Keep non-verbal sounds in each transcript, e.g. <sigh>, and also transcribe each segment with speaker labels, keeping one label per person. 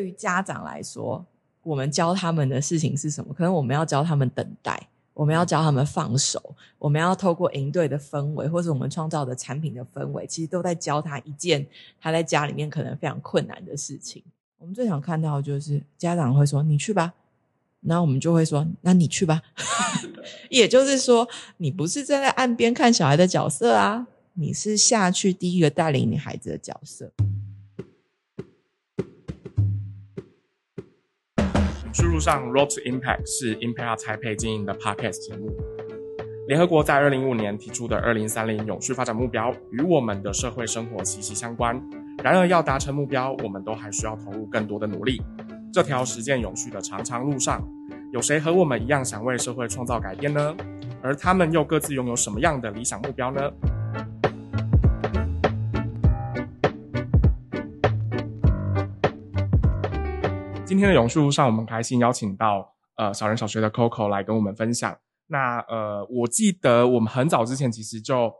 Speaker 1: 對於家長來說，我們教他們的事情是什麼？可能我們要教他們等待，我們要教他們放手，我們要透過營隊的氛圍，或者我們創造的產品的氛圍，其實都在教他一件他在家裡面可能非常困難的事情。我們最想看到就是家長會說“你去吧”，然後我們就會說“那你去吧。” <laughs> 也就是說，你不是站在岸邊看小孩的角色啊，你是下去第一個帶領你孩子的角色。
Speaker 2: 永續路上，Road to Impact 是 Impact Hub Taipei 經營的 Podcast 節目。聯合國在二零一五年提出的二零三零永續發展目標與我們的社會生活息息相關。然而，要達成目標，我們都還需要投入更多的努力。這條實踐永續的長長路上，有誰和我們一樣想為社會創造改變呢？而他們又各自擁有什麼樣的理想目標呢？今天的永續路上，我們開心邀請到呃小人小學的扣扣來跟我們分享。那呃，我記得我們很早之前其實就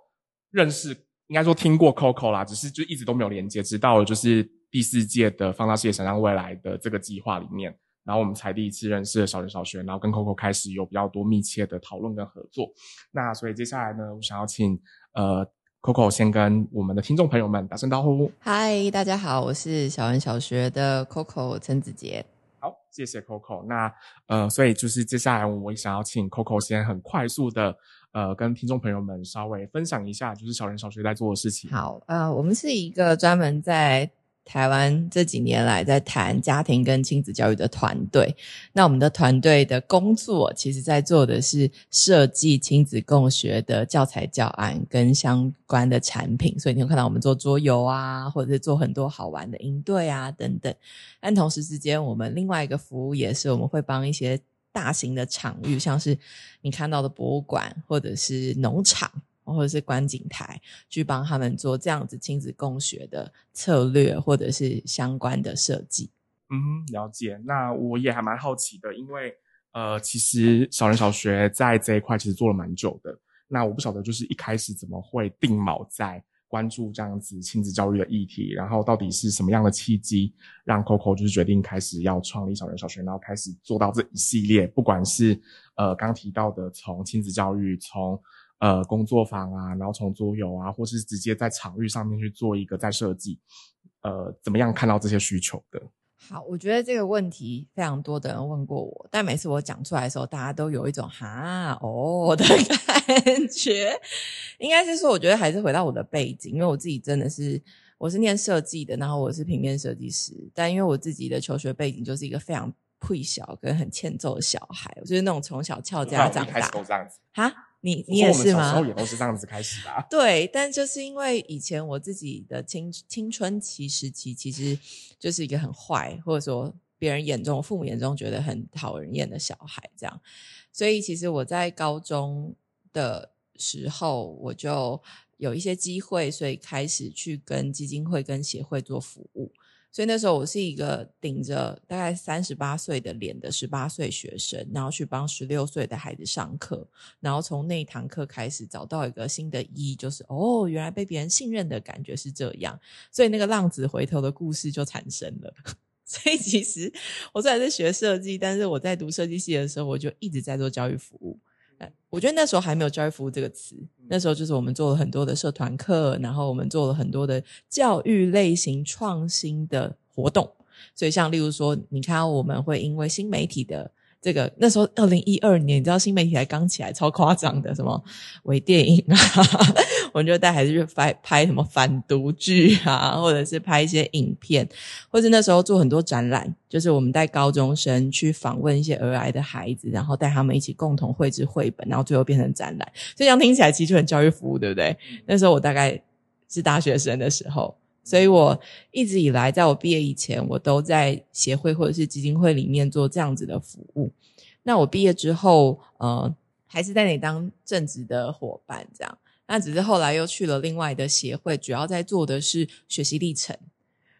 Speaker 2: 認識，應該說聽過扣扣啦，只是就一直都沒有連接，直到就是第四屆的放大視野、想象未來的這個計劃裡面，然後我們才第一次認識了小人小學，然後跟扣扣開始有比較多密切的討論跟合作。那所以接下來呢，我想要請呃。扣扣先跟我們的聽眾朋友們打聲招呼。
Speaker 1: 嗨，大家好，我是小人小學的扣扣
Speaker 2: 陳子倢。好，謝謝扣扣。那呃，所以就是接下來我想要請扣扣先很快速的呃，跟聽眾朋友們稍微分享一下，就是小人小學在做的事情。好，
Speaker 1: 呃，我們是一個專門在。台灣這幾年來在談家庭跟親子教育的團隊，那我們的團隊的工作，其實在做的是設計親子共學的教材教案跟相關的產品，所以你有看到我們做桌遊啊，或者是做很多好玩的營隊啊等等。但同時之間，我們另外一個服務也是，我們會幫一些大型的場域，像是你看到的博物館或者是農場。或者是觀景台，去幫他們做這樣子親子共學的策略，或者是相關的設計。
Speaker 2: 嗯，了解。那我也還蠻好奇的，因為呃，其實小人小學在這一塊其實做了蠻久的。那我不曉得就是一開始怎麼會定錨在關注這樣子親子教育的議題，然後到底是什麼樣的契機，讓扣扣就是決定開始要創立小人小學，然後開始做到這一系列，不管是呃剛提到的從親子教育從。呃，工作坊啊，然後從桌遊啊，或是直接在場域上面去做一個再設計，呃，怎麼樣看到這些需求的？
Speaker 1: 好，我覺得這個問題非常多的人問過我，但每次我講出來的時候，大家都有一種“哈哦”的感覺。 <laughs> 應該是說，我覺得還是回到我的背景，因為我自己真的是我是念設計的，然後我是平面設計師，但因為我自己的求學背景就是一個非常配小跟很欠揍的小孩，就是那種從小蹺家這樣
Speaker 2: 長大，子哈。你你也是嗎？我們小時候也是這樣子開始的啊。
Speaker 1: <laughs> 對，但就是因為以前我自己的青青春期時期，其實就是一個很壞，或者說別人眼中、父母眼中覺得很討人厭的小孩，這樣。所以，其實我在高中的時候，我就有一些機會，所以開始去跟基金會、跟協會做服務。所以那時候我是一個頂着大概三十八歲的臉的十八歲學生，然後去幫十六歲的孩子上課，然後從那一堂課開始找到一個新的意義，就是哦，原來被別人信任的感覺是這樣，所以那個浪子回頭的故事就產生了。所以其實我雖然是學設計，但是我在讀設計系的時候，我就一直在做教育服務。我覺得那時候還沒有教育服務這個詞，那時候就是我們做了很多的社團課，然後我們做了很多的教育類型創新的活動，所以像例如說，你看我們會因為新媒體的。這個那時候二零一二年，你知道新媒體還剛起來，超誇張的什麼微電影啊， <laughs> 我們就帶孩子去拍拍什麼反毒劇啊，或者是拍一些影片，或是那時候做很多展覽，就是我們帶高中生去訪問一些兒癌的孩子，然後帶他們一起共同繪製繪本，然後最後變成展覽。這樣聽起來其實很教育服務，對不對？那時候我大概是大學生的時候。所以我一直以來，在我畢業以前，我都在協會或者是基金會裡面做這樣子的服務。那我畢業之後，呃，還是在那當正職的夥伴這樣。那只是後來又去了另外的協會，主要在做的是學習歷程，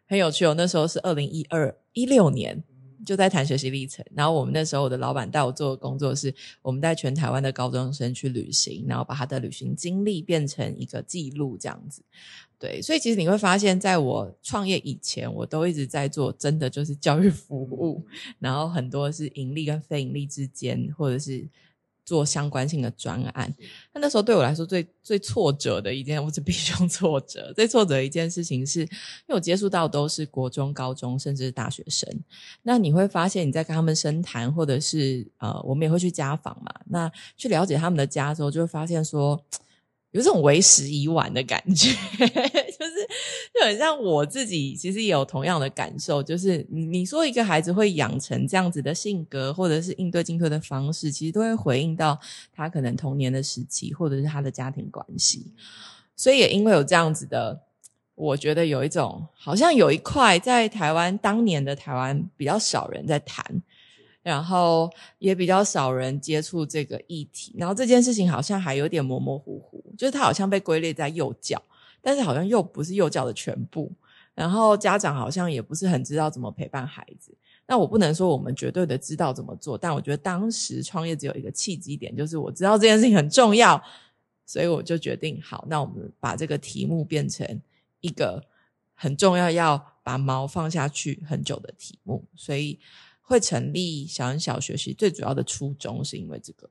Speaker 1: 很有趣哦，我那時候是二零一二、一六年，就在談學習歷程。然後我們那時候我的老板帶我做的工作是，我們帶全台灣的高中生去旅行，然後把他的旅行經歷變成一個記錄這樣子。對，所以其實你會發現在我創業以前，我都一直在做，真的就是教育服務，然後很多是盈利跟非盈利之間，或者是做相關性的專案。那那時候對我來說最最挫折的一件，我只必須用挫折，最挫折的一件事情是，因為我接觸到都是國中、高中，甚至是大學生。那你會發現，你在跟他們深談，或者是呃，我們也會去家訪嘛，那去了解他們的家之後，就會發現說。有這種為時已晚的感覺， <laughs> 就是就很像我自己，其實也有同樣的感受。就是你，你說一個孩子會養成這樣子的性格，或者是應對進退的方式，其實都會回應到他可能童年的時期，或者是他的家庭關係。所以也因為有這樣子的，我覺得有一種好像有一塊在台灣當年的台灣比較少人在談。然後也比較少人接觸這個議題，然後這件事情好像還有點模模糊糊，就是它好像被歸類在幼教，但是好像又不是幼教的全部。然後家長好像也不是很知道怎麼陪伴孩子。那我不能說我們絕對的知道怎麼做，但我覺得當時創業只有一個契機點，就是我知道這件事情很重要，所以我就決定，好，那我們把這個題目變成一個很重要要把錨放下去很久的題目，所以。會成立小人小學，其實最主要的初衷是因為這個，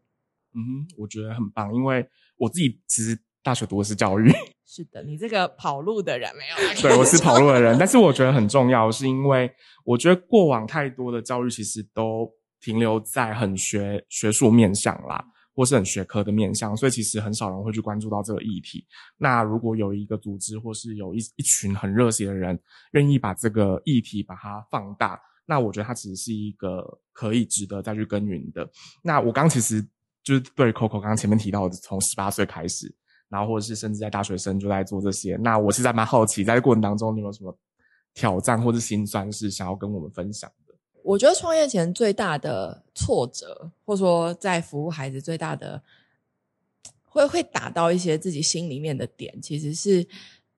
Speaker 2: 嗯哼，我覺得很棒，因為我自己其實大學讀的是教育。
Speaker 1: 是的，你這個跑路的人沒有？ <laughs> 對，我是跑路的
Speaker 2: 人， <laughs> 但是我覺得很重要，是因為我覺得過往太多的教育其實都停留在很學學術面向啦，或是很學科的面向，所以其實很少人會去關注到這個議題。那如果有一個組織，或是有一一群很熱血的人，願意把這個議題把它放大。那我覺得它其實是一個可以值得再去耕耘的。那我剛，剛其實就是對扣扣剛剛前面提到的，從十八歲開始，然後或者是甚至在大學生就在做這些。那我其實還蠻好奇，在這過程當中，你有，有什麼挑戰或是心酸是想要跟我們分享的？
Speaker 1: 我覺得創業前最大的挫折，或者說在服務孩子最大的，會會打到一些自己心裡面的點。其實是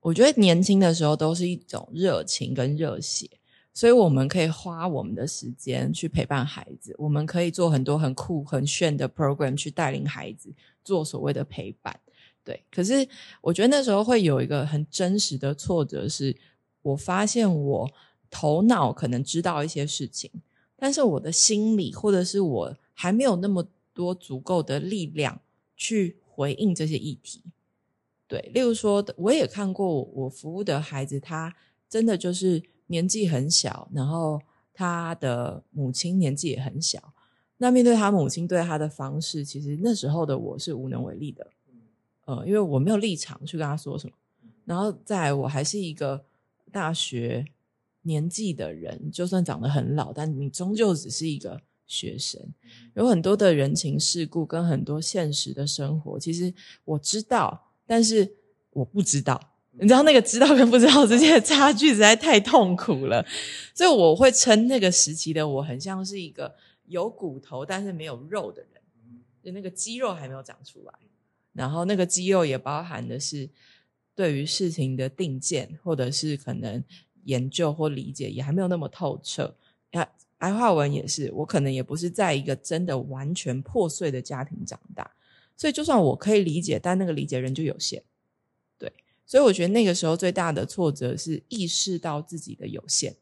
Speaker 1: 我覺得年輕的時候都是一種熱情跟熱血。所以我們可以花我們的時間去陪伴孩子，我們可以做很多很酷很炫的 program 去帶領孩子做所謂的陪伴。對，可是我覺得那時候會有一個很真實的挫折，是我發現我頭腦可能知道一些事情，但是我的心裡或者是我還沒有那麼多足夠的力量去回應這些議題。對，例如說，我也看過我服務的孩子，他真的就是。年紀很小，然後他的母親年紀也很小。那面對他母親對他的方式，其實那時候的我是無能為力的。呃，因為我沒有立場去跟他說什麼。然後，在我還是一個大學年紀的人，就算長得很老，但你終究只是一個學生。有很多的人情世故跟很多現實的生活，其實我知道，但是我不知道。你知道那個知道跟不知道之間的差距實在太痛苦了，所以我會稱那個時期的我很像是一個有骨頭但是沒有肉的人，就那個肌肉還沒有長出來，然後那個肌肉也包含的是對於事情的定見，或者是可能研究或理解也還沒有那麼透徹。啊，白話文也是，我可能也不是在一個真的完全破碎的家庭長大，所以就算我可以理解，但那個理解人就有限。所以我覺得那個時候最大的挫折是意識到自己的有限，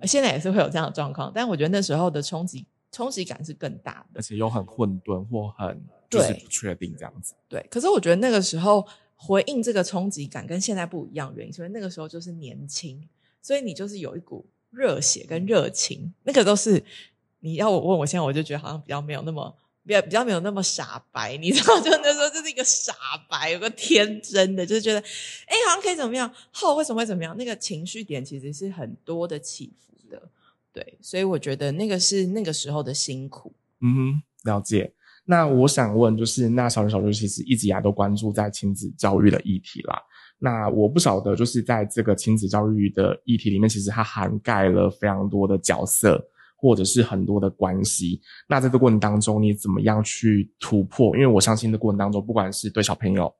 Speaker 1: 而現在也是會有這樣的狀況，但我覺得那時候的衝擊衝擊感是更大
Speaker 2: 的，而且又很混沌或很就是不確定這樣子。對對。
Speaker 1: 對，可是我覺得那個時候回應這個衝擊感跟現在不一樣，原因是因為那個時候就是年輕，所以你就是有一股熱血跟熱情，那個都是你，要我問我現在，我就覺得好像比較沒有那麼。比較比較沒有那麼傻白，你知道，就那時候就是一個傻白，有個天真的，就是覺得，哎、欸，好像可以怎麼樣？後為什麼會怎麼樣？那個情緒點其實是很多的起伏的，對，所以我覺得那個是那個時候的辛苦。嗯
Speaker 2: 哼，了解。那我想問，就是那小人小學其實一直以來都關注在親子教育的議題啦。那我不曉得，就是在這個親子教育的議題裡面，其實它涵蓋了非常多的角色。或者是很多的關係，那在這個過程當中，你怎麼樣去突破？因為我相信這個過程當中，不管是對小朋友，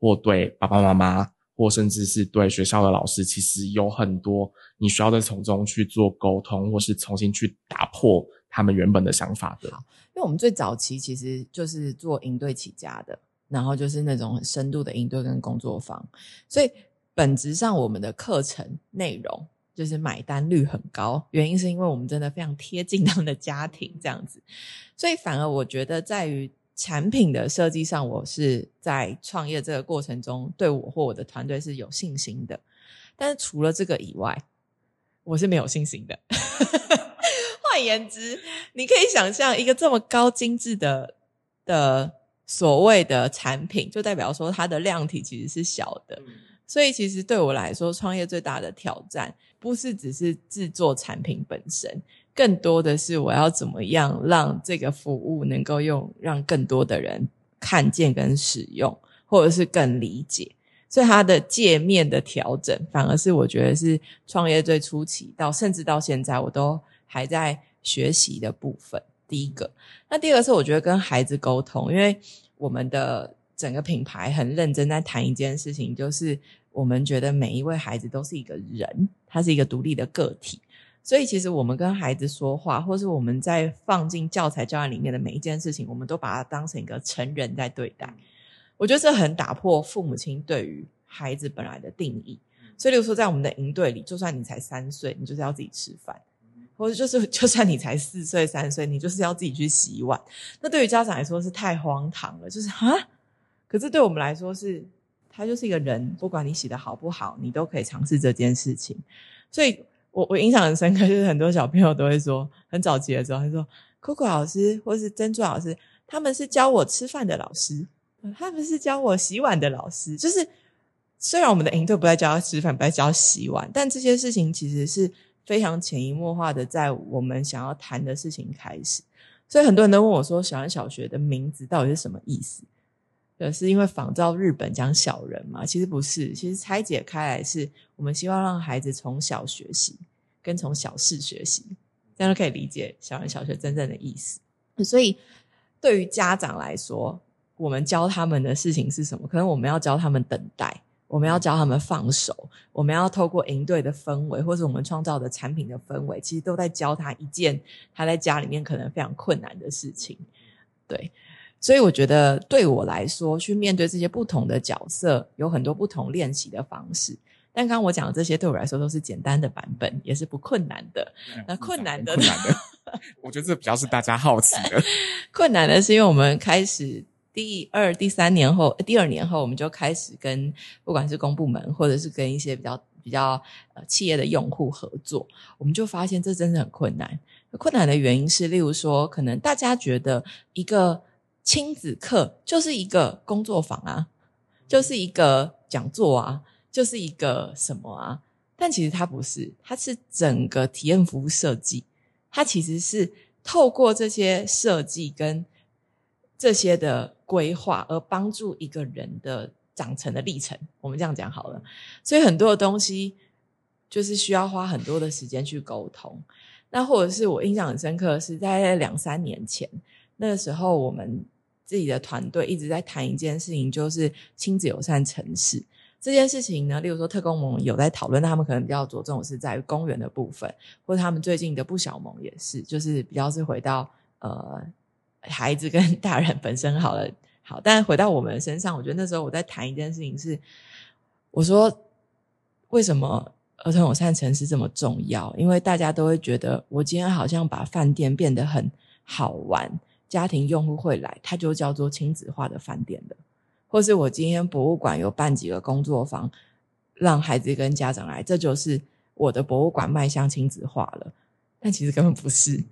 Speaker 2: 或對爸爸媽媽，或甚至是對學校的老師，其實有很多你需要在從中去做溝通，或是重新去打破他們原本的想法的。好，
Speaker 1: 因為我們最早期其實就是做營隊起家的，然後就是那種很深度的營隊跟工作坊，所以本質上我們的課程內容。就是買單率很高，原因是因為我們真的非常貼近他們的家庭這樣子，所以反而我覺得在於產品的設計上，我是在創業這個過程中對我或我的團隊是有信心的。但是除了這個以外，我是沒有信心的。換 <laughs> 言之，你可以想象一個這麼高精致的的所謂的產品，就代表說它的量體其實是小的。所以其實對我來說，創業最大的挑戰。不是只是製作產品本身，更多的是我要怎麼樣讓這個服務能夠用，讓更多的人看見跟使用，或者是更理解。所以它的界面的調整，反而是我覺得是創業最初期到甚至到現在，我都還在學習的部分。第一個，那第二個是我覺得跟孩子溝通，因為我們的整個品牌很認真在談一件事情，就是我們覺得每一位孩子都是一個人。它是一個獨立的個體，所以其實我們跟孩子說話，或是我們在放進教材教案裡面的每一件事情，我們都把它當成一個成人在對待。我覺得這很打破父母親對於孩子本來的定義。所以，例如說，在我們的營隊裡，就算你才三歲，你就是要自己吃飯；或是就是，就算你才四歲、三歲，你就是要自己去洗碗。那對於家長來說是太荒唐了，就是啊。可是對我們來說是。他就是一個人，不管你洗得好不好，你都可以嘗試這件事情。所以我我印象很深刻，就是很多小朋友都會說，很早期的時候會，他說：“扣扣老師或是珍珠老師，他們是教我吃飯的老師，他們是教我洗碗的老師。”就是雖然我們的營隊不在教他吃飯，不在教他洗碗，但這些事情其實是非常潛移默化的，在我們想要談的事情開始。所以很多人都問我說：“小人小學的名字到底是什麼意思？”是因為仿照日本講小人嘛？其實不是，其實拆解開來，是我們希望讓孩子從小學習，跟從小事學習，這樣就可以理解“小人小學”真正的意思。所以，對於家長來說，我們教他們的事情是什麼？可能我們要教他們等待，我們要教他們放手，我們要透過營隊的氛圍，或是我們創造的產品的氛圍，其實都在教他一件他在家裡面可能非常困難的事情。對。所以我覺得，對我來說，去面對這些不同的角色，有很多不同練習的方式。但剛剛我講的這些，對我來說都是簡單的版本，也是不困難的。對那困
Speaker 2: 難的呢，難的 <laughs> 我覺得這比較是大家好奇的。困
Speaker 1: 難，困難的是，因為我們開始第二、第三年後，呃、第二年後，我們就開始跟不管是公部門，或者是跟一些比較比較呃企業的用戶合作，我們就發現這真的很困難。困難的原因是，例如說，可能大家覺得一個。親子課就是一個工作坊啊，就是一個講座啊，就是一個什麼啊？但其實它不是，它是整個體驗服務設計，它其實是透過這些設計跟這些的規劃，而幫助一個人的長成的歷程。我們這樣講好了，所以很多的東西就是需要花很多的時間去溝通。那或者是我印象很深刻，是在兩三年前，那個時候我們。自己的團隊一直在談一件事情，就是親子友善城市這件事情呢。例如說，特工盟有在討論，他們可能比較着重的是在於公園的部分，或者他們最近的不小萌也是，就是比較是回到呃孩子跟大人本身好了。好，但回到我們身上，我覺得那時候我在談一件事情是，我說為什麼兒童友善城市這麼重要？因為大家都會覺得，我今天好像把飯店變得很好玩，家庭用戶會來，它就叫做親子化的飯店了，或是我今天博物館有辦幾個工作坊，讓孩子跟家長來，這就是我的博物館邁向親子化了。但其實根本不是，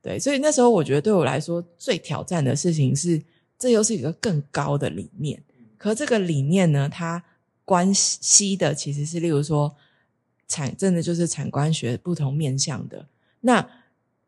Speaker 1: 對，所以那時候我覺得對我來說最挑戰的事情是，這又是一個更高的理念。可這個理念呢，它關係的其實是，例如說產，真的就是產官學不同面向的那，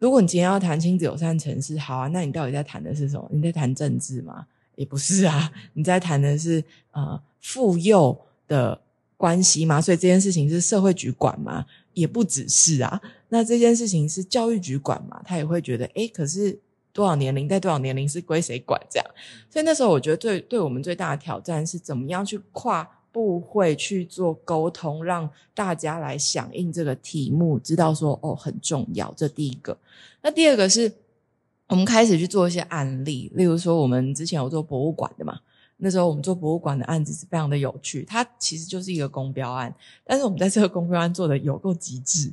Speaker 1: 如果你今天要談親子友善城市，好啊，那你到底在談的是什麼？你在談政治嗎？也不是啊，你在談的是呃，婦幼的關係嗎？所以這件事情是社會局管嗎？也不只是啊，那這件事情是教育局管嗎？他也會覺得，誒，可是多少年齡在多少年齡是歸誰管這樣？所以那時候我覺得，對，對我們最大的挑戰是怎麼樣去跨。不會去做溝通，讓大家來響應這個題目，知道說哦很重要。這第一個，那第二個是，我們開始去做一些案例，例如說我們之前有做博物館的嘛，那時候我們做博物館的案子是非常的有趣，它其實就是一個公標案，但是我們在這個公標案做的有夠極致，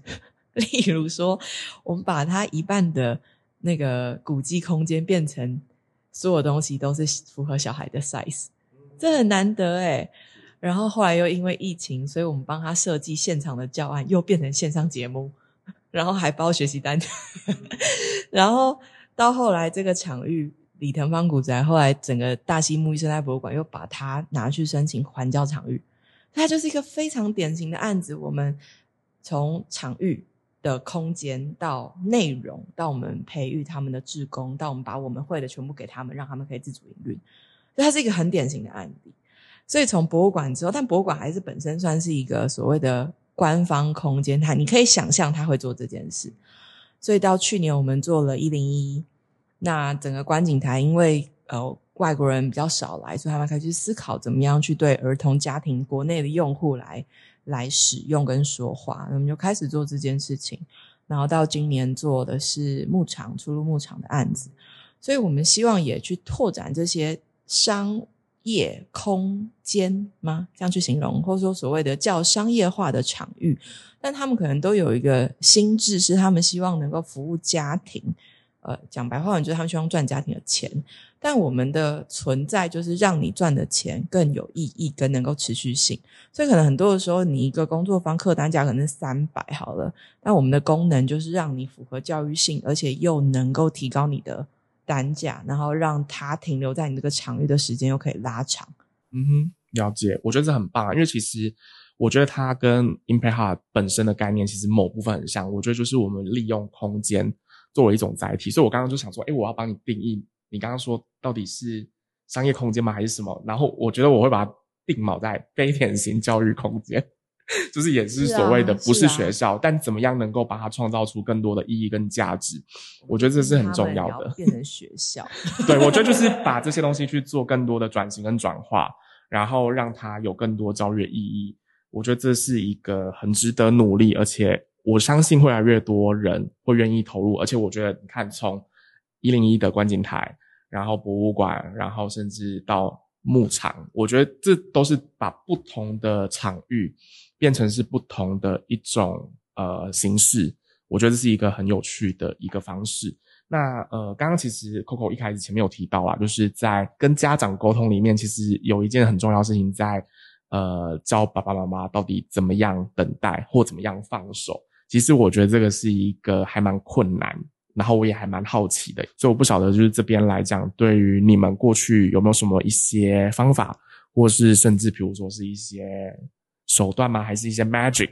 Speaker 1: 例如說我們把它一半的那個古蹟空間變成所有東西都是符合小孩的 size，這很難得哎、欸。然後後來又因為疫情，所以我們幫他設計現場的教案，又變成線上節目，然後還包學習單。 <laughs> 然後到後來，這個場域李騰芳古宅，後來整個大溪木藝生態博物館又把它拿去申請環教場域。它就是一個非常典型的案子。我們從場域的空間到內容，到我們培育他們的志工，到我們把我們會的全部給他們，讓他們可以自主營運。所以它是一個很典型的案例。所以從博物館之後，但博物館還是本身算是一個所謂的官方空間，它你可以想象它會做這件事。所以到去年我們做了一零一，那整個觀景台，因為呃外國人比較少來，所以他們開始思考怎麼樣去對兒童、家庭、國內的用戶來來使用跟說話，我們就開始做這件事情。然後到今年做的是牧場，初鹿牧場的案子，所以我們希望也去拓展這些商業空間嗎？這樣去形容，或者說所謂的叫商業化的場域，但他們可能都有一個心智，是他們希望能夠服務家庭。呃，講白話，我覺得他們希望賺家庭的錢，但我們的存在就是讓你賺的錢更有意義，跟能夠持續性。所以，可能很多的時候，你一個工作坊客單價可能三百好了，那我們的功能就是讓你符合教育性，而且又能夠提高你的。單價，然後讓它停留在你這個場域的時間又可以拉長。嗯
Speaker 2: 哼，了解，我覺得這很棒啊，因為其實我覺得它跟 Impact Hub 本身的概念其實某部分很像。我覺得就是我們利用空間作為一種載體，所以我剛剛就想說，哎，我要幫你定義，你剛剛說到底是商業空間嗎？還是什麼？然後我覺得我會把它定錨在非典型教育空間。 <laughs> 就是也是所謂的不是學校，啊啊、但怎麼樣能夠把它創造出更多的意義跟價值？啊、我覺得這是很重要的。
Speaker 1: 要變成學校， <laughs> 對，我覺得就是把
Speaker 2: 這些東西去做更多的轉型跟轉化， <laughs> 然後讓它有更多教育的意義。我覺得這是一個很值得努力，而且我相信越來越多人會願意投入。而且我覺得你看，從一零一的觀景台，然後博物館，然後甚至到。牧場，我覺得這都是把不同的場域變成是不同的一種呃形式，我覺得這是一個很有趣的一個方式。那呃，剛剛其實扣扣一開始前面有提到啊，就是在跟家長溝通裡面，其實有一件很重要的事情在呃教爸爸媽媽到底怎麼樣等待或怎麼樣放手。其實我覺得這個是一個還蠻困難。然後我也還蠻好奇的，所以我不曉得就是這邊來講，對於你們過去有沒有什麼一些方法，或是甚至比如說是一些手段嗎？還是一些 magic，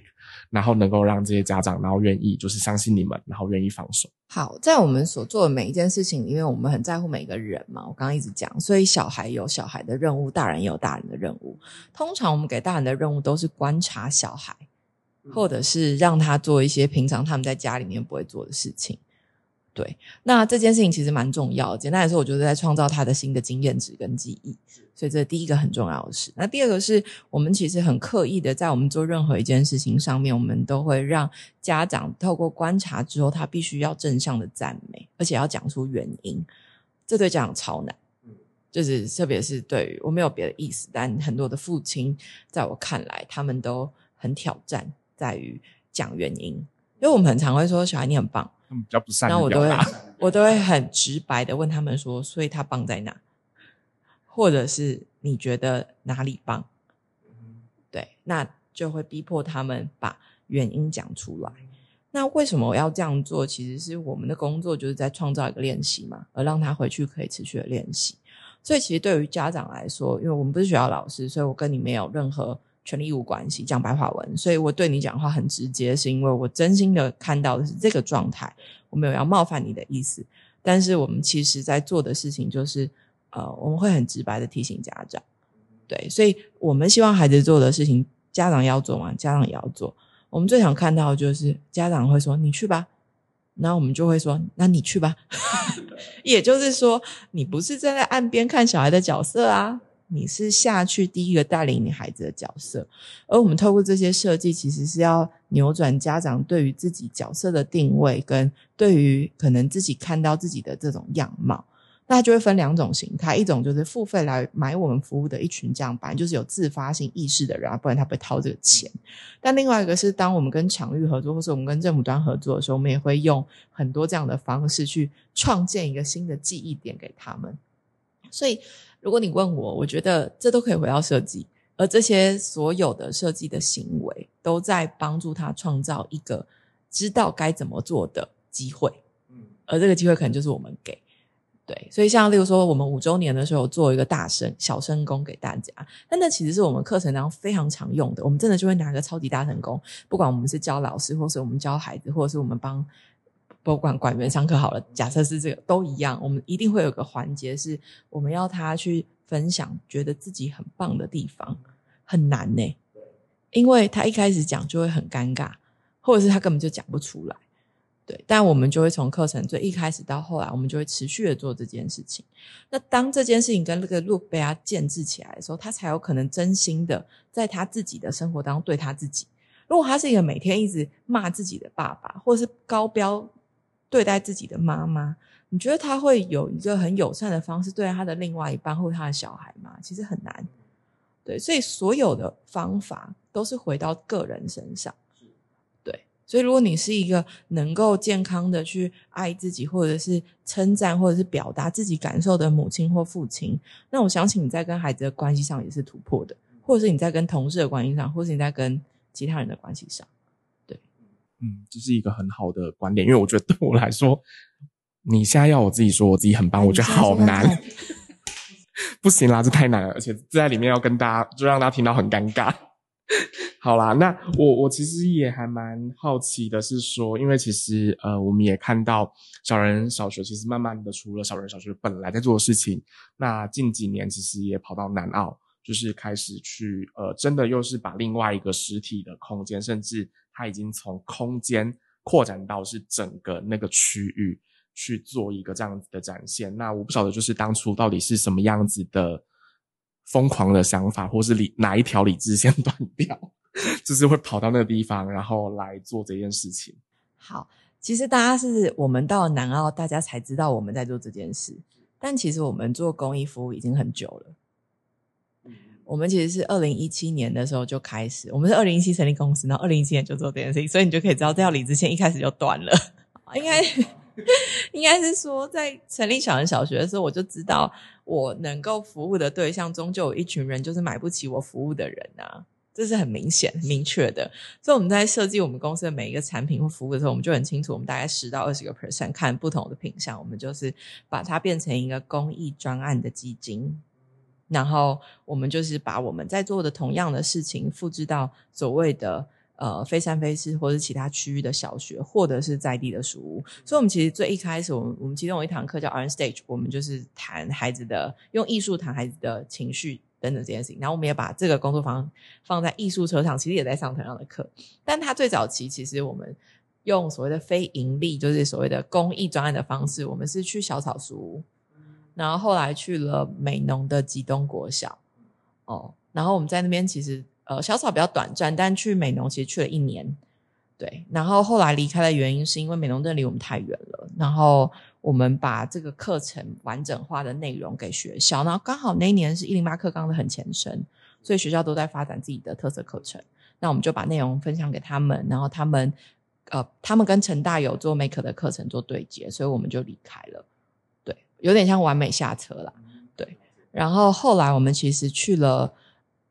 Speaker 2: 然後能夠讓這些家長然後願意就是相信你們，然後願意放手。
Speaker 1: 好，在我們所做的每一件事情，因為我們很在乎每個人嘛，我剛剛一直講，所以小孩有小孩的任務，大人也有大人的任務。通常我們給大人的任務都是觀察小孩，或者是讓他做一些平常他們在家裡面不會做的事情。對，那這件事情其實蠻重要的。簡單來說，我覺得在創造他的新的經驗值跟記憶，所以這是第一個很重要的事。那第二個是我們其實很刻意的，在我們做任何一件事情上面，我們都會讓家長透過觀察之後，他必須要正向的讚美，而且要講出原因。這對家長超難，嗯。就是特別是對於我沒有別的意思，但很多的父親在我看來，他們都很挑戰在於講原因，因為我們很常會說：“小孩，你很棒。”那我都會，我都會很直白的問他們說，所以他棒在哪？或者是你覺得哪裡棒？對，那就會逼迫他們把原因講出來。那為什麼我要這樣做？其實是我們的工作就是在創造一個練習嘛，而讓他回去可以持續的練習。所以其實對於家長來說，因為我們不是學校老師，所以我跟你沒有任何。權利義務關係講白話文，所以我對你講話很直接，是因為我真心的看到的是這個狀態，我沒有要冒犯你的意思。但是我們其實，在做的事情就是，呃，我們會很直白的提醒家長，對，所以我們希望孩子做的事情，家長要做嗎？家長也要做。我們最想看到的就是家長會說你去吧，然後我們就會說那你去吧， <laughs> 也就是說你不是站在岸邊看小孩的角色啊。你是下去第一個帶領你孩子的角色，而我們透過這些設計，其實是要扭轉家長對於自己角色的定位，跟對於可能自己看到自己的這種樣貌，那就會分兩種形態，一種就是付費來買我們服務的一群，這樣，反正就是有自發性意識的人，不然他不會掏這個錢。但另外一個是，當我們跟場域合作，或是我們跟政府端合作的時候，我們也會用很多這樣的方式去創建一個新的記憶點給他們，所以。如果你問我，我覺得這都可以回到設計，而這些所有的設計的行為，都在幫助他創造一個知道該怎麼做的機會。嗯，而這個機會可能就是我們給，對。所以像例如說，我們五周年的時候做一個大聲小聲公給大家，但那其實是我們課程當中非常常用的，我們真的就會拿一個超級大聲公。不管我們是教老師，或是我們教孩子，或者是我們幫。不管管員上課好了，假設是這個都一樣，我們一定會有個環節，是我們要他去分享覺得自己很棒的地方，很難呢、欸。因為他一開始講就會很尷尬，或者是他根本就講不出來。對，但我們就會從課程最一開始到後來，我們就會持續的做這件事情。那當這件事情跟那個路被他建置起來的時候，他才有可能真心的在他自己的生活當中對他自己。如果他是一個每天一直罵自己的爸爸，或者是高標。對待自己的媽媽，你覺得他會有一個很友善的方式對待他的另外一半或他的小孩嗎？其實很難。對，所以所有的方法都是回到個人身上。對。所以，如果你是一個能夠健康的去愛自己，或者是稱讚，或者是表達自己感受的母親或父親，那我相信你在跟孩子的關係上也是突破的，或者是你在跟同事的關係上，或者是你在跟其他人的關係上。
Speaker 2: 嗯，這、就是一個很好的觀點，因為我覺得對我來說，你現在要我自己說我自己很棒，我覺得好難，在在 <laughs> 不行啦，這太難了，而且在裡面要跟大家，就讓大家聽到很尷尬。 <laughs> 好啦，那我我其實也還蠻好奇的，是說，因為其實呃，我們也看到小人小學其實慢慢的除了小人小學本來在做的事情，那近幾年其實也跑到南澳，就是開始去呃，真的又是把另外一個實體的空間，甚至。他已經從空間擴展到是整個那個區域去做一個這樣子的展現。那我不曉得，就是當初到底是什麼樣子的瘋狂的想法，或是理哪一條理智線斷掉，就是會跑到那個地方，然後來做這件事情。
Speaker 1: 好，其實大家是我們到南澳，大家才知道我們在做這件事。但其實我們做公益服務已經很久了。我們其實是二零一七年的時候就開始，我們是二零一七成立公司，然後二零一七年就做這件事情，所以你就可以知道這條理智線一開始就斷了。應該 <laughs> 應該是說，在成立小人小學的時候，我就知道我能夠服務的對象中就有一群人就是買不起我服務的人啊，這是很明顯、很明確的。所以我們在設計我們公司的每一個產品或服務的時候，我們就很清楚，我們大概十到二十個 percent，看不同的品項，我們就是把它變成一個公益專案的基金。然後我們就是把我們在做的同樣的事情複製到所謂的呃非三非四或是其他區域的小學，或者是在地的書屋。所以，我們其實最一開始我們，我我們其中有一堂課叫 Art Stage，我們就是談孩子的用藝術談孩子的情緒等等這件事情。然後，我們也把這個工作坊放在藝術車上，其實也在上同樣的課。但他最早期，其實我們用所謂的非營利，就是所謂的公益專案的方式，我們是去小草書屋。然後後來去了美濃的吉東國小，哦，然後我們在那邊其實呃小草比較短暫，但去美濃其實去了一年，對。然後後來離開的原因是因為美濃真的離我們太遠了，然後我們把這個課程完整化的內容給學校，然後剛好那一年是一零八課綱的很前身，所以學校都在發展自己的特色課程，那我們就把內容分享給他們，然後他們呃他們跟成大有做 Maker 的課程做對接，所以我們就離開了。有點像完美下車啦。對。然後後來我們其實去了，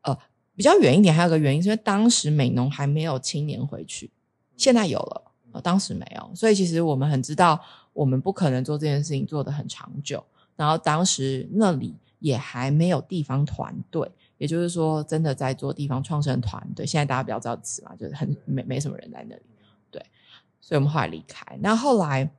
Speaker 1: 呃，比較遠一點。還有個原因，是因為當時美濃還沒有青年回去，現在有了，呃，當時沒有。所以其實我們很知道，我們不可能做這件事情做得很長久。然後當時那裡也還沒有地方團隊，也就是說，真的在做地方創生團隊。現在大家比較知道詞嘛，就是很沒，沒什麼人在那裡，對。所以我們後來離開。那後來。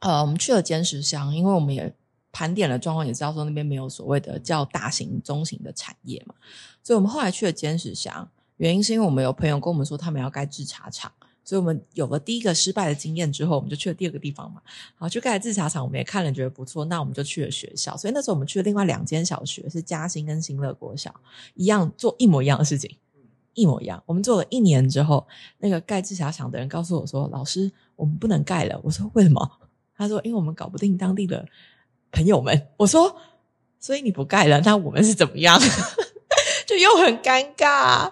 Speaker 1: 呃、嗯，我們去了尖石鄉，因為我們也盤點了狀況，也知道說那邊沒有所謂的叫大型、中型的產業嘛，所以，我們後來去了尖石鄉，原因是因為我們有朋友跟我們說他們要蓋製茶廠，所以，我們有了第一個失敗的經驗之後，我們就去了第二個地方嘛。好，去蓋製茶廠，我們也看了，覺得不錯，那我們就去了學校。所以那時候我們去了另外兩間小學，是嘉興跟新樂國小，一樣做一模一樣的事情，嗯、一模一樣。我們做了一年之後，那個蓋製茶廠的人告訴我說：“老師，我們不能蓋了。”我說：“為什麼？”他說：“因、欸、為我們搞不定當地的朋友們。”我說：“所以你不蓋了，那我們是怎麼樣？” <laughs> 就又很尷尬。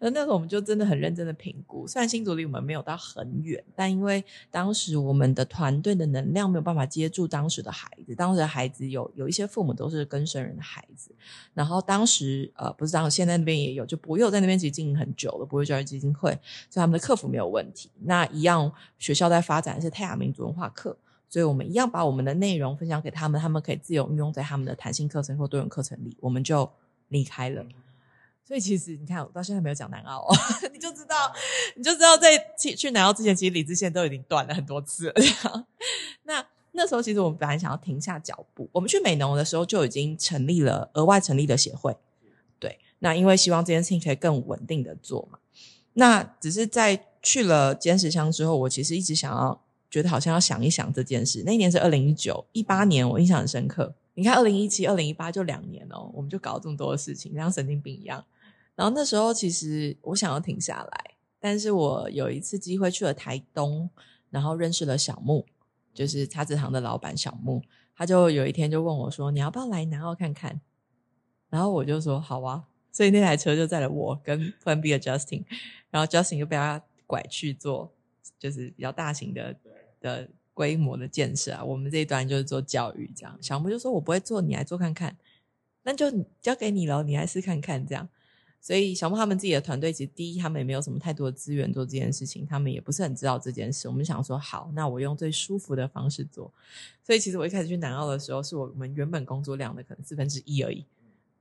Speaker 1: 那那時候我們就真的很認真的評估。雖然新竹離我們沒有到很遠，但因為當時我們的團隊的能量沒有辦法接住當時的孩子。當時的孩子有有一些父母都是更生人的孩子，然後當時呃，不是這樣，現在那邊也有。就博幼在那邊其實經營很久了，博幼教育基金會，所以他們的客服沒有問題。那一樣，學校在發展是泰雅民族文化課。所以我們一樣把我們的內容分享給他們，他們可以自由運用在他們的彈性課程或多元課程裡。我們就離開了。所以其實你看，我到現在沒有講南澳哦， <laughs> 你就知道，你就知道在去南澳之前，其實理智線都已經斷了很多次了。 <laughs> 那那時候其實我們本來想要停下腳步。我們去美濃的時候就已經成立了額外成立的協會，對。那因為希望這件事情可以更穩定的做嘛。那只是在去了尖石鄉之後，我其實一直想要。覺得好像要想一想這件事。那一年是二零一九一八年，我印象很深刻。你看，二零一七、二零一八就兩年哦，我們就搞這麼多的事情，像神經病一樣。然後那時候其實我想要停下來，但是我有一次機會去了台東，然後認識了小木，就是茶籽堂的老板小木。他就有一天就問我說：“你要不要來南澳看看？”然後我就說：“好啊。”所以那台車就載了我跟 Plan b 的 Justin，然後 Justin 就被他拐去做，就是比較大型的。的規模的建設啊，我們這一段就是做教育這樣。小木就說：“我不會做，你來做看看，那就交給你了，你來試看看這樣。”所以小木他們自己的團隊，其實第一他們也沒有什麼太多的資源做這件事情，他們也不是很知道這件事。我們想說，好，那我用最舒服的方式做。所以其實我一開始去南澳的時候，是我們原本工作量的可能四分之一而已。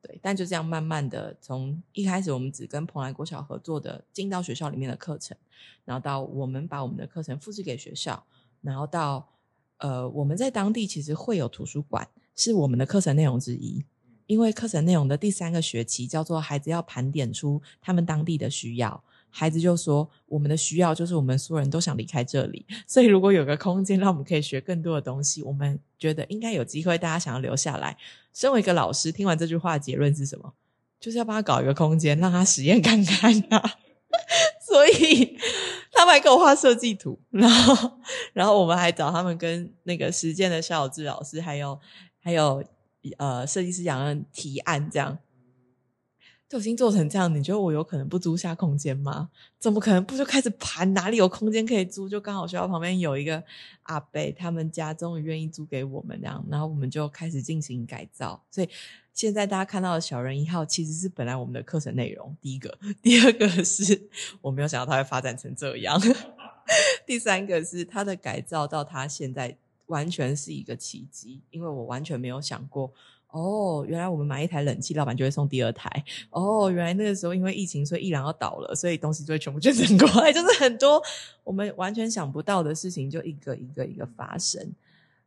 Speaker 1: 對，但就這樣慢慢的，從一開始我們只跟蓬萊國小合作的進到學校裡面的課程，然後到我們把我們的課程複製給學校。然後到呃，我們在當地其實會有圖書館，是我們的課程內容之一。因為課程內容的第三個學期叫做孩子要盤點出他們當地的需要，孩子就說，我們的需要就是我們所有人都想離開這裡，所以如果有個空間讓我們可以學更多的東西，我們覺得應該有機會大家想要留下來。身為一個老師，聽完這句話的結論是什麼？就是要幫他搞一個空間讓他實驗看看啊， <laughs> 所以。他們還給我畫設計圖，然後，然後我們還找他們跟那個實踐的蕭小智老師還，還有還有呃設計師兩個人提案這樣。就已經做成這樣，你覺得我有可能不租下空間嗎？怎麼可能，不就開始盤哪裡有空間可以租？就剛好學校旁邊有一個阿伯，他們家終於願意租給我們，這樣，然後我們就開始進行改造。所以現在大家看到的小人一號，其實是本來我們的課程內容。第一個，第二個是我沒有想到它會發展成這樣； <laughs> 第三個是它的改造到它現在完全是一個奇蹟，因為我完全沒有想過。哦，原來我們買一台冷氣，老闆就會送第二台。哦，原來那個時候因為疫情，所以宜蘭要倒了，所以東西就會全部捐贈過來，就是很多我們完全想不到的事情，就一個一個一個發生。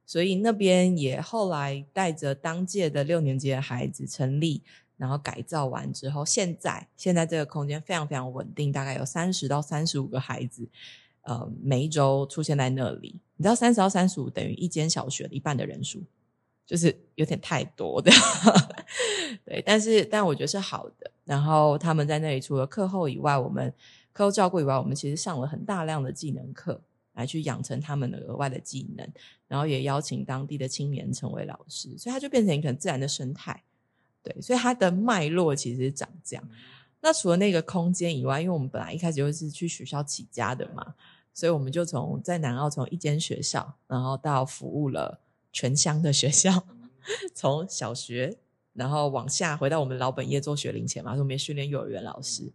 Speaker 1: 所以那邊也後來帶着當屆的六年級的孩子成立，然後改造完之後，現在現在這個空間非常非常穩定，大概有三十到三十五個孩子，呃，每一週出現在那裡。你知道三十到三十五等於一間小學一半的人數。就是有點太多的， <laughs> 對，但是但我覺得是好的。然後他們在那裡除了課後以外，我們課後照顧以外，我們其實上了很大量的技能課，來去養成他們的額外的技能。然後也邀請當地的青年成為老師，所以它就變成一個很自然的生態。對，所以它的脈絡其實是長這樣。那除了那個空間以外，因為我們本來一開始就是去學校起家的嘛，所以我們就從在南澳從一間學校，然後到服務了。全鄉的學校，從小學然後往下，回到我們老本業做學齡前嘛，說我們也訓練幼兒園老師，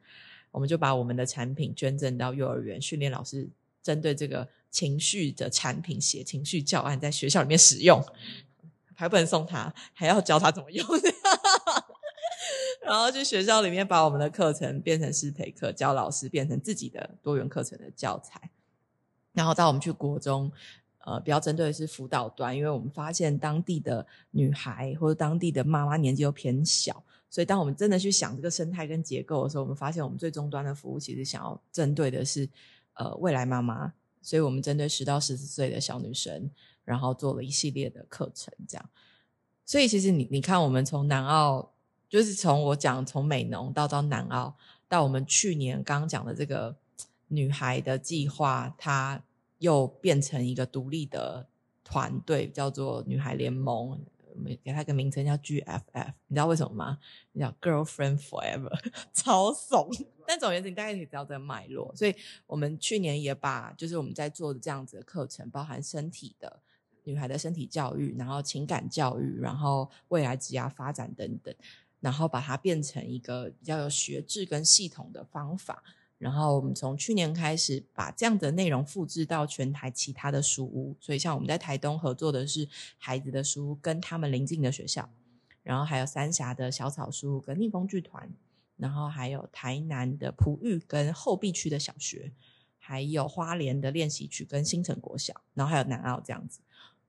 Speaker 1: 我們就把我們的產品捐贈到幼兒園，訓練老師針對這個情緒的產品寫情緒教案，在學校裡面使用，還不能送他，還要教他怎麼用的， <laughs> 然後去學校裡面把我們的課程變成師培課，care, 教老師變成自己的多元課程的教材，然後到我們去國中。呃，比較針對的是輔導端，因為我們發現當地的女孩或者當地的媽媽年紀又偏小，所以當我們真的去想這個生態跟結構的時候，我們發現我們最終端的服務其實想要針對的是呃未來媽媽，所以我們針對十到十四歲的小女生，然後做了一系列的課程，這樣。所以其實你你看，我們從南澳，就是從我講從美濃到到南澳，到我們去年剛剛講的這個女孩的計劃，她。又變成一個獨立的團隊，叫做女孩聯盟，給它一個名稱叫 GFF。你知道為什麼嗎？你叫 Girlfriend Forever，超慫。 <laughs> 但總言之，你大概也知道這個脈絡。所以我們去年也把，就是我們在做的這樣子的課程，包含身體的女孩的身體教育，然後情感教育，然後未來職業、啊、發展等等，然後把它變成一個比較有學制跟系統的方法。然後我們從去年開始把這樣的內容複製到全台其他的書屋，所以像我們在台東合作的是孩子的書屋，跟他們鄰近的學校，然後還有三峽的小草書屋跟逆風劇團，然後還有台南的璞玉跟後壁區的小學，還有花蓮的練習曲跟新城國小，然後還有南澳這樣子。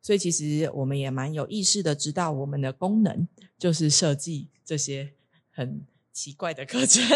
Speaker 1: 所以其實我們也蠻有意識的知道我們的功能就是設計這些很奇怪的課程。 <laughs>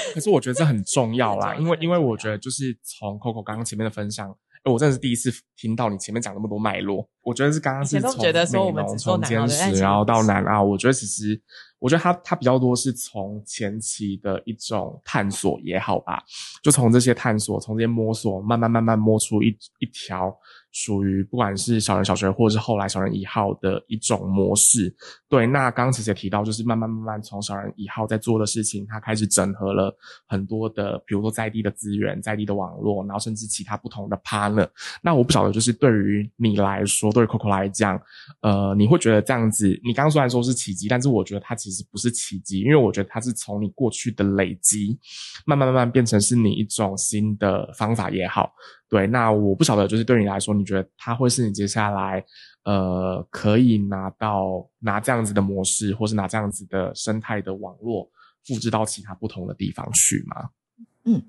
Speaker 2: <laughs> 可是我覺得這很重要啦， <laughs> 要因為因為我覺得就是從扣扣剛剛前面的分享，誒、欸、我真的是第一次聽到你前面講那麼多脈絡。我覺得是剛剛是從美容、從堅持，然後到南澳，是我覺得其實，我覺得他他比較多是從前期的一種探索也好吧，就從這些探索，從這些摸索，慢慢慢慢摸出一一條。屬於不管是小人小學，或者是後來小人一號的一種模式。對，那剛剛其實也提到，就是慢慢慢慢從小人一號在做的事情，它開始整合了很多的，比如說在地的資源，在地的網絡，然後甚至其他不同的 partner。那我不曉得，就是對於你來說，對於扣扣來講，呃，你會覺得這樣子？你剛剛雖然說是奇蹟，但是我覺得它其實不是奇蹟，因為我覺得它是從你過去的累積，慢慢慢慢變成是你一種新的方法也好。對，那我不曉得，就是對你來說，你覺得它會是你接下來，呃，可以拿到拿這樣子的模式，或是拿這樣子的生態的網絡，複製到其他不同的地方去嗎？嗯，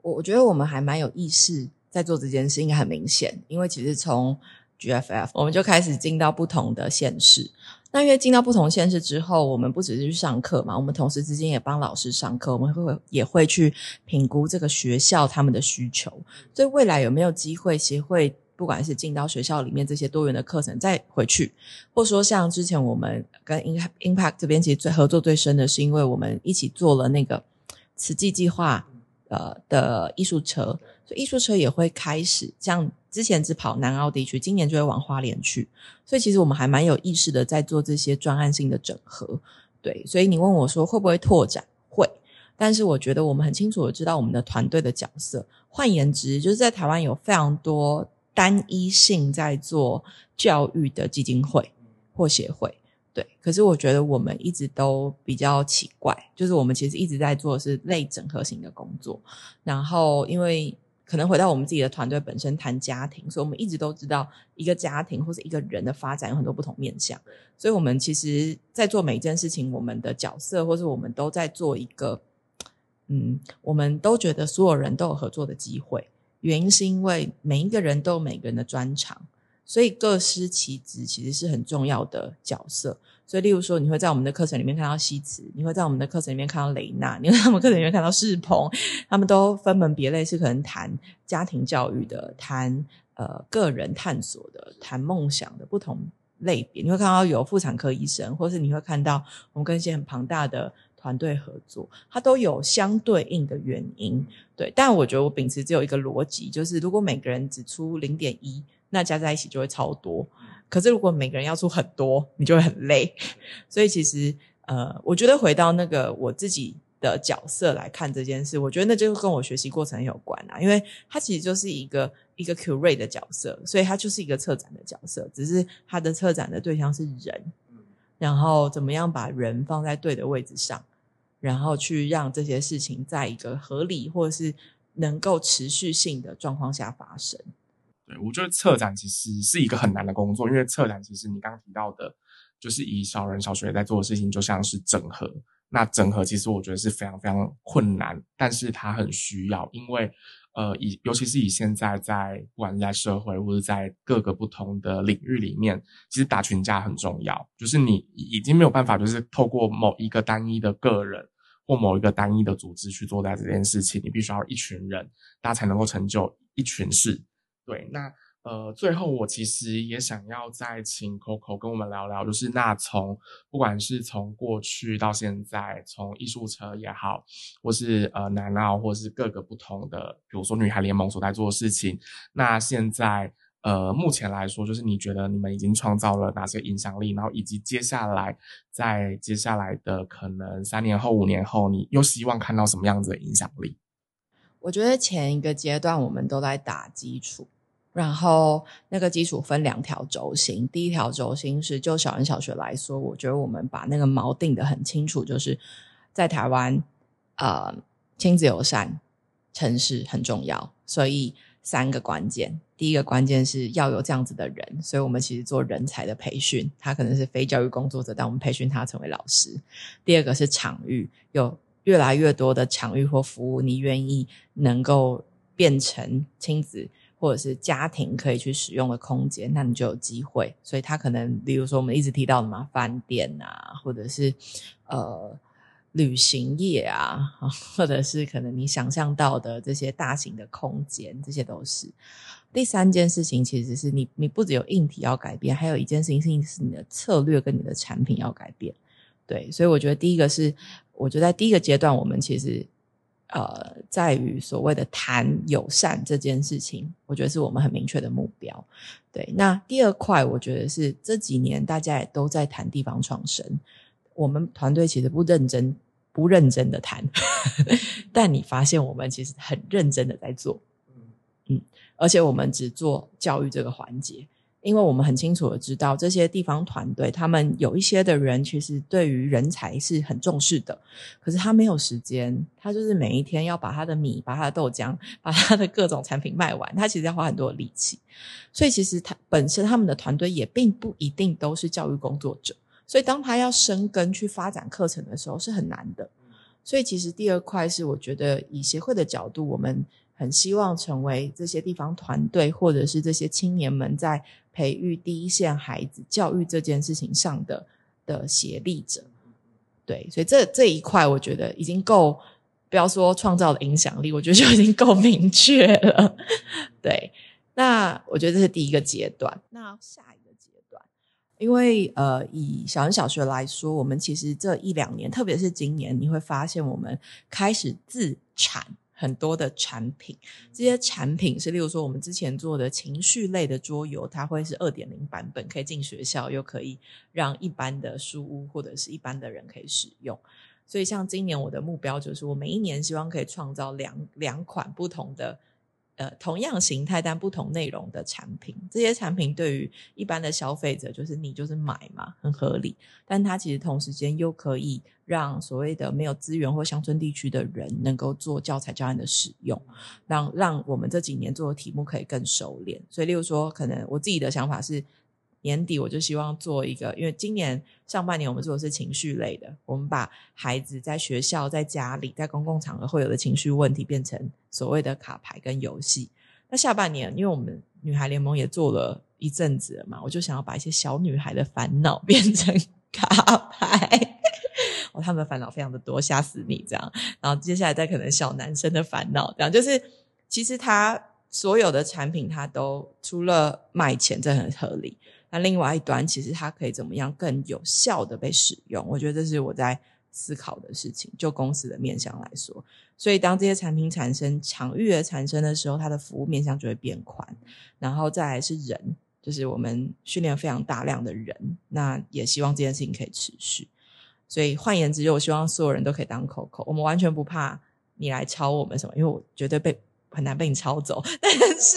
Speaker 1: 我我覺得我們還蠻有意識在做這件事，應該很明顯，因為其實從。GFF，我們就開始進到不同的縣市。那因為進到不同縣市之後，我們不只是去上課嘛，我們同時之間也幫老師上課。我們會也會去評估這個學校他們的需求，所以未來有沒有機會，其實會不管是進到學校裡面這些多元的課程再回去，或說像之前我們跟 Impact 這邊其實最合作最深的是，因為我們一起做了那個慈濟計劃。呃的藝術車，所以藝術車也會開始像之前只跑南澳地區，今年就會往花蓮去。所以其實我們還蠻有意識的在做這些專案性的整合，對。所以你問我說會不會拓展？會。但是我覺得我們很清楚的知道我們的團隊的角色，換言之，就是在台灣有非常多單一性在做教育的基金會或協會。對，可是我覺得我們一直都比較奇怪，就是我們其實一直在做的是類整合型的工作。然後，因為可能回到我們自己的團隊本身談家庭，所以我們一直都知道一個家庭或是一個人的發展有很多不同面向。所以我們其實，在做每一件事情，我們的角色或是我們都在做一個，嗯，我們都覺得所有人都有合作的機會。原因是因為每一個人都有每個人的專長。所以各司其職其實是很重要的角色。所以，例如說，你會在我們的課程裡面看到西辭，你會在我們的課程裡面看到雷娜，你會在我們課程裡面看到世鵬，他們都分門別類，是可能談家庭教育的，談呃、個人探索的，談夢想的不同類別。你會看到有婦產科醫生，或是你會看到我們跟一些很龐大的團隊合作，它都有相對應的原因。對，但我覺得我秉持只有一個邏輯，就是如果每個人只出零點一。那加在一起就會超多，可是如果每個人要出很多，你就會很累。所以其實，呃，我覺得回到那個我自己的角色來看這件事，我覺得那就跟我學習過程有關啊，因為它其實就是一個一個 curate 的角色，所以它就是一個策展的角色，只是它的策展的對象是人，然後怎麼樣把人放在對的位置上，然後去讓這些事情在一個合理或者是能夠持續性的狀況下發生。
Speaker 2: 我覺得策展其實是一個很難的工作，因為策展其實你剛剛提到的，就是以小人小學在做的事情，就像是整合。那整合其實我覺得是非常非常困難，但是它很需要，因為呃，以尤其是以現在在不管是在社會或者在各個不同的領域裡面，其實打群架很重要。就是你已經沒有辦法，就是透過某一個單一的個人或某一個單一的組織去做到這件事情，你必須要一群人，大家才能夠成就一群事。對，那呃，最後我其實也想要再請 Coco 跟我們聊聊，就是那從不管是從過去到現在，從藝術車也好，或是呃南澳，或是各個不同的，比如說女孩聯盟所在做的事情，那現在呃目前來說，就是你覺得你們已經創造了哪些影響力？然後以及接下來在接下來的可能三年後、五年後，你又希望看到什麼樣子的影響力？
Speaker 1: 我覺得前一個階段我們都在打基礎。然後，那個基礎分兩條軸心。第一條軸心是就小人小學來說，我覺得我們把那個錨定得很清楚，就是在台灣，呃，親子友善城市很重要。所以三個關鍵，第一個關鍵是要有這樣子的人，所以我們其實做人才的培訓，他可能是非教育工作者，但我們培訓他成為老師。第二個是場域，有越來越多的場域或服務，你願意能夠變成親子。或者是家庭可以去使用的空間，那你就有機會。所以他可能，比如說我們一直提到的嘛，飯店啊，或者是呃，旅行業啊，或者是可能你想象到的這些大型的空間，這些都是。第三件事情其實是你，你不只有硬體要改變，還有一件事情是你的策略跟你的產品要改變。對，所以我覺得第一個是，我覺得在第一個階段，我們其實。呃，在於所謂的談友善這件事情，我覺得是我們很明確的目標。對，那第二塊，我覺得是這幾年大家也都在談地方創生，我們團隊其實不認真、不認真的談， <laughs> 但你發現我們其實很認真的在做，嗯，而且我們只做教育這個環節。因為我們很清楚的知道，這些地方團隊他們有一些的人，其實對於人才是很重視的，可是他沒有時間，他就是每一天要把他的米、把他的豆漿、把他的各種產品賣完，他其實要花很多的力氣。所以其實他本身他們的團隊也並不一定都是教育工作者，所以當他要深耕去發展課程的時候是很難的。所以其實第二塊是，我覺得以協會的角度，我們。很希望成為這些地方團隊，或者是這些青年們在培育第一線孩子教育這件事情上的的協力者。對，所以這這一塊，我覺得已經夠，不要說創造的影響力，我覺得就已經夠明確了。對，那我覺得這是第一個階段。那下一個階段，因為呃，以小人小學來說，我們其實這一兩年，特別是今年，你會發現我們開始自產。很多的產品，這些產品是例如說我們之前做的情緒類的桌遊，它會是二點零版本，可以進學校，又可以讓一般的書屋或者是一般的人可以使用。所以，像今年我的目標就是，我每一年希望可以創造兩兩款不同的。同樣形態但不同內容的產品，這些產品對於一般的消費者就是你就是買嘛，很合理。但它其實同時間又可以讓所謂的沒有資源或鄉村地區的人能夠做教材教案的使用，讓讓我們這幾年做的題目可以更熟練。所以，例如說，可能我自己的想法是，年底我就希望做一個，因為今年上半年我們做的是情緒類的，我們把孩子在學校、在家裡、在公共場合會有的情緒問題變成所謂的卡牌跟遊戲。那下半年，因為我們女孩聯盟也做了一陣子了嘛，我就想要把一些小女孩的煩惱變成卡牌，哦，他們的煩惱非常的多，嚇死你這樣。然後接下來再可能小男生的煩惱這樣，就是其實他所有的產品他都除了賣錢，這很合理。那另外一端，其實它可以怎麼樣更有效的被使用？我覺得這是我在思考的事情。就公司的面向來說，所以當這些產品產生場域而產生的時候，它的服務面向就會變寬。然後再來是人，就是我們訓練非常大量的人，那也希望這件事情可以持續。所以換言之，就我希望所有人都可以當扣扣，我們完全不怕你來抄我們什麼，因為我絕對被。很難被你抄走，但是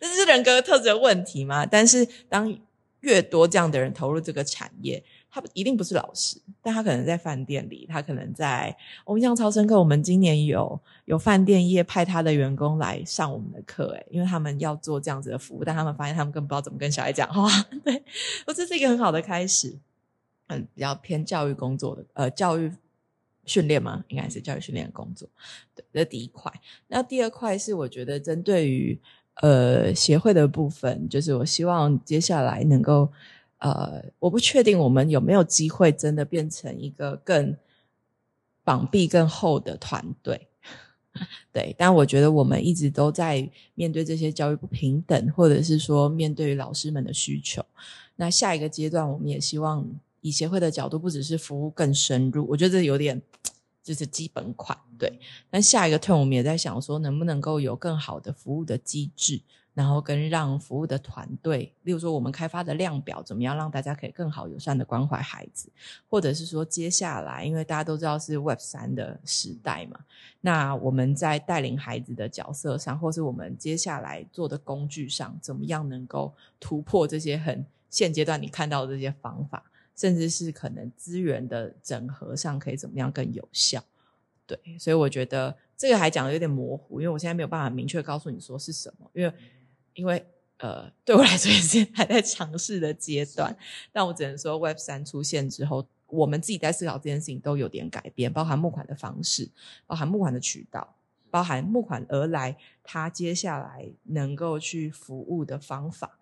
Speaker 1: 這是人格特質的問題嘛？但是當越多這樣的人投入這個產業，他一定不是老師，但他可能在飯店裡，他可能在。我印象超深刻，我們今年有有飯店業派他的員工來上我們的課，誒，因為他們要做這樣子的服務，但他們發現他們更不知道怎麼跟小孩講話。對，我這是一個很好的開始，嗯，比較偏教育工作的，呃，教育。訓練嗎？應該是教育訓練的工作，對，這第一塊。那第二塊是我覺得針對於呃協會的部分，就是我希望接下來能夠呃，我不確定我們有沒有機會真的變成一個更膀臂、更厚的團隊。對，但我覺得我們一直都在面對這些教育不平等，或者是說面對於老師們的需求。那下一個階段，我們也希望。以協會的角度，不只是服務更深入，我覺得這有點就是基本款。對，那下一個 term 我們也在想說，能不能夠有更好的服務的機制，然後跟讓服務的團隊，例如說我們開發的量表，怎麼樣讓大家可以更好友善的關懷孩子，或者是說接下來，因為大家都知道是 Web 三的時代嘛，那我們在帶領孩子的角色上，或是我們接下來做的工具上，怎麼樣能夠突破這些很現階段你看到的這些方法？甚至是可能資源的整合上可以怎麼樣更有效？對，所以我覺得這個還講得有點模糊，因為我現在沒有辦法明確告訴你說是什麼，因為因為呃，對我來說也是還在嘗試的階段。是但我只能說，Web 3出現之後，我們自己在思考這件事情都有點改變，包含募款的方式，包含募款的渠道，包含募款而來，它接下來能夠去服務的方法，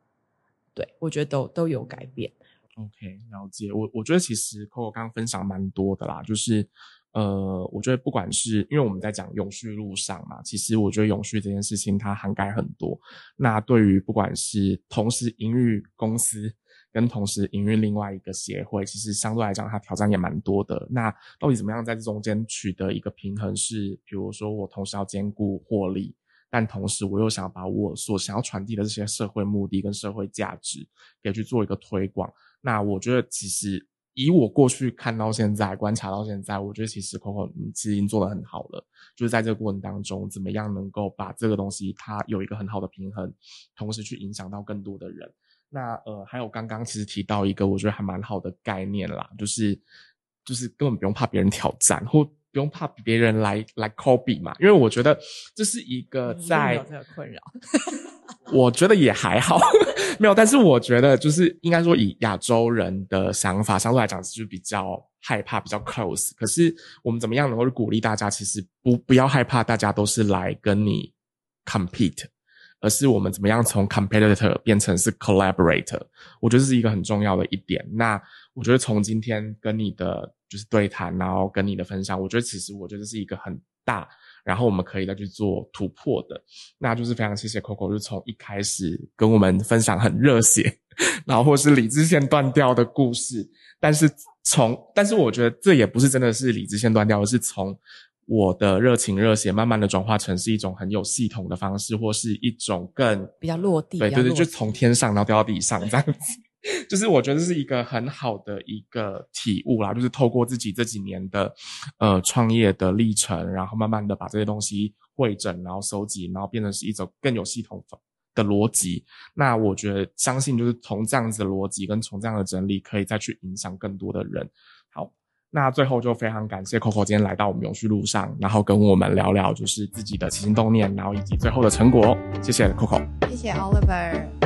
Speaker 2: 對，我覺得都都有改變。OK，了解。我我覺得其實扣扣剛剛分享蠻多的啦，就是，呃，我覺得不管是因為我們在講永續路上嘛，其實我覺得永續這件事情它涵蓋很多。那對於不管是同時營運公司跟同時營運另外一個協會，其實相對來講它挑戰也蠻多的。那到底怎麼樣在這中間取得一個平衡是，是比如說我同時要兼顧獲利，但同時我又想把我所想要傳遞的這些社會目的跟社會價值給去做一個推廣。那我覺得，其實以我過去看到現在觀察到現在，我覺得其實 Coco 你其實已經做得很好了。就是在這個過程當中，怎麼樣能夠把這個東西它有一個很好的平衡，同時去影響到更多的人。那呃，還有剛剛其實提到一個我覺得還蠻好的概念啦，就是就是根本不用怕別人挑戰，或不用怕別人來來 copy 嘛。因為我覺得這是一個在，嗯、
Speaker 1: 在困擾。 <laughs>
Speaker 2: <laughs> 我覺得也還好， <laughs> 沒有。但是我覺得，就是應該說，以亞洲人的想法，相對來講是就比較害怕，比較 close。可是我們怎麼樣能夠鼓勵大家？其實不不要害怕，大家都是來跟你 compete，而是我們怎麼樣從 competitor 變成是 collaborator？我覺得這是一個很重要的一點。那我覺得從今天跟你的就是對談，然後跟你的分享，我覺得其實我覺得是一個很大。然後我們可以再去做突破的，那就是非常謝謝扣扣，就從一開始跟我們分享很熱血，然後或是理智線斷掉的故事，但是從，但是我覺得這也不是真的是理智線斷掉，而是從我的熱情熱血慢慢的轉化成是一種很有系統的方式，或是一種更比較落地，對對對，就從天上然後掉到地上這樣子。 <laughs> <laughs> 就是我覺得這是一個很好的一個體悟啦，就是透過自己這幾年的，呃，創業的歷程，然後慢慢的把這些東西匯整，然後收集，然後變成是一種更有系統的邏輯。那我覺得相信就是從這樣子的邏輯跟從這樣的整理，可以再去影響更多的人。好，那最後就非常感謝 Coco 今天來到我們永續路上，然後跟我們聊聊就是自己的起心動念，然後以及最後的成果。謝謝 Coco，
Speaker 1: 謝謝 Oliver。